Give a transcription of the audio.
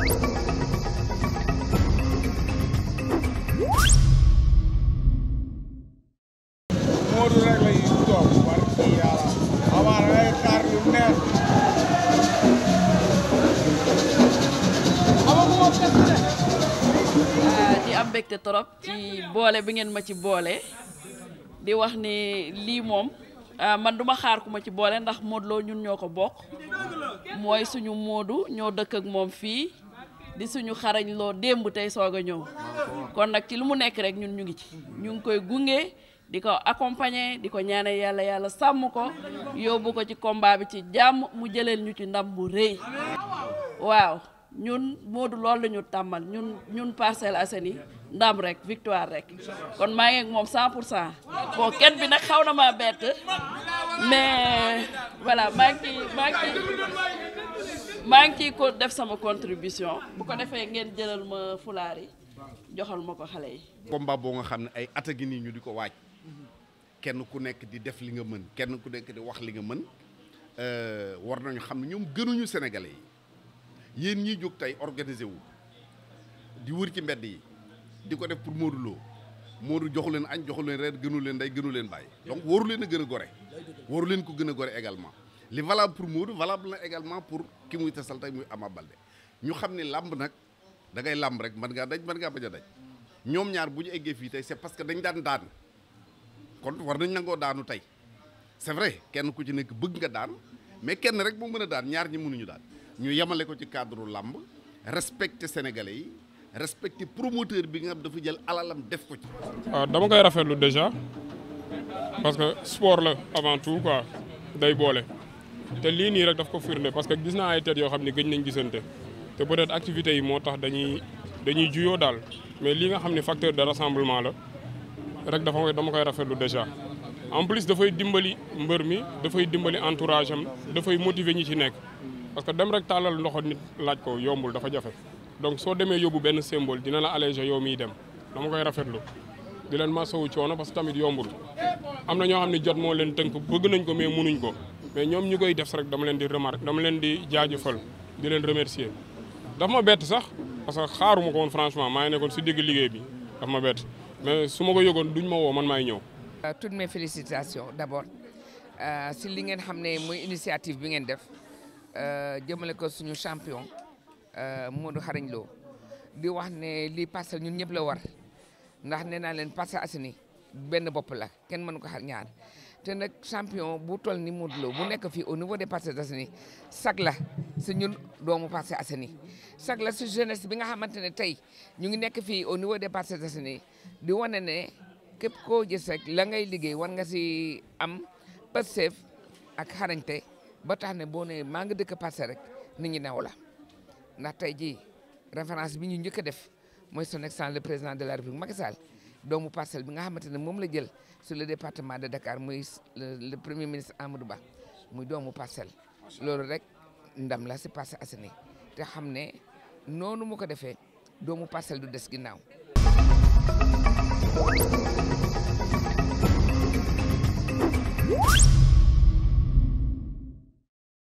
Modou rek la di am mbégte torop ci boole bi ngeen ma ci boole di wax ni lii moom euh, man duma xaar ku ma ci boole ndax Modou Lo ñun ñoo ko bokk mooy suñu Modou ñoo dëkk ak moom fii di suñu xarañ loo démb tey soog a ñëw kon nag ci lu mu nekk rek ñun ñu ngi ci ñu ngi koy gunge di ko accompagner di ko ñaanal yàlla yàlla sàmm ko yóbbu ko ci komba bi ci jàmm mu jëleel ñu ci ndam bu rëy waaw ñun Modou loolu la ñu tàmmal ñun ñun Parcelles Assainies ndam rek victoire rek kon maa moom 100 pour cent bon kenn bi nag xaw na ma bett mais voilà maa ngi maa ngi maa ngi ko def sama contribution bu ko defee ngeen jëlal ma fulaar yi joxal ma ko xale yi. combat boo nga xam ne ay at a ñu di ko waaj kenn ku nekk di def li nga mën kenn ku nekk di wax li nga mën euh, war nañu xam ne ñoom gënuñu sénégalais yi yéen ñiy jóg tey organiser wu di wër ci mbedd yi di ko def pour Modou Lo Modou joxu leen añ joxu leen reer gënu leen day gënu leen bàyyi donc waru leen a gën a gore waru leen ko gën a gore également li valable pour Modou valable na également pour ki muy tasal tey muy Ama Baldé ñu xam ne làmb nag da ngay làmb rek mën ngaa daj mën ngaa bañ a daj ñoom ñaar bu ñu eggee fii tey c'est parce que dañ daan daan kon war nañ nangoo daanu tey c'est vrai kenn ku ci nekk bëgg nga daan mais kenn rek moo mën a daan ñaar ñi mënuñu daan ñu yemale ko ci cadre làmb respecter sénégalais yi respecter promoteur bi nga xam dafa jël alalam def ko ci. waaw ah, dama koy rafetlu déjà parce que sport la avant tout quoi day boole. te lii nii rek daf ko firnde parce que gis naa ay tët yoo xam ne gëj nañ gisante te peut-être activités yi moo tax dañuy dañuy juyoo daal mais lii nga xam ne facteur de rassemblement la rek dafa koy dama koy rafetlu déjà en plus dafay dimbali mbër mi dafay dimbali entourage am dafay motiver ñi ci nekk parce que dem rek tàllal ndoxo nit laaj ko yombul dafa jafe donc soo demee yóbbu benn symbole dina la alléger yow miy dem dama koy rafetlu di leen masawu coono parce que tamit yombul am na ñoo xam ne jot moo leen tënk bëgg nañ ko mais mënuñ ko mais ñoom ñu koy def rek dama leen di remarque dama leen di jaajëfal di leen remercier daf ma bett sax parce que xaaruma ko woon franchement maa ngi nekkoon si digg liggéey bi daf ma bett mais su ma ko yëgoon duñ ma woo man maay ñëw. Euh, toutes mes félicitations d'abord euh, si li ngeen xam ne mooy initiative bi ngeen def euh, jëmale ko suñu champion Modou Xarañ Lo di wax ne lii Parcelles ñun ñëpp la war ndax ne naa leen Parcelles asseni benn bopp la kenn mënu ko xar ñaar. te nag champion bu toll ni Modou Lo bu nekk fii au niveau des Parcelles Assainies sag la si ñun doomu Parcelles Assainies sag la si jeunesse bi nga xamante ne tey ñu ngi nekk fii au niveau des Parcelles Assainies di wane ne képp koo gis rek la ngay liggéey war nga si am pëseef ak xarañte ba tax ne boo nee maa ngi dëkk Parcelles rek ni ñi naw la ndax tey jii référence bi ñu njëkk def mooy son excellence le président de la République Macky Sall doomu parcelle bi nga xamante ne moom la jël sur le département de Dakar muy le premier ministre Amadou Ba muy doomu parcelle loolu rek ndam la si passé asini te xam ne noonu mu ko defee doomu parcelle du des ginnaaw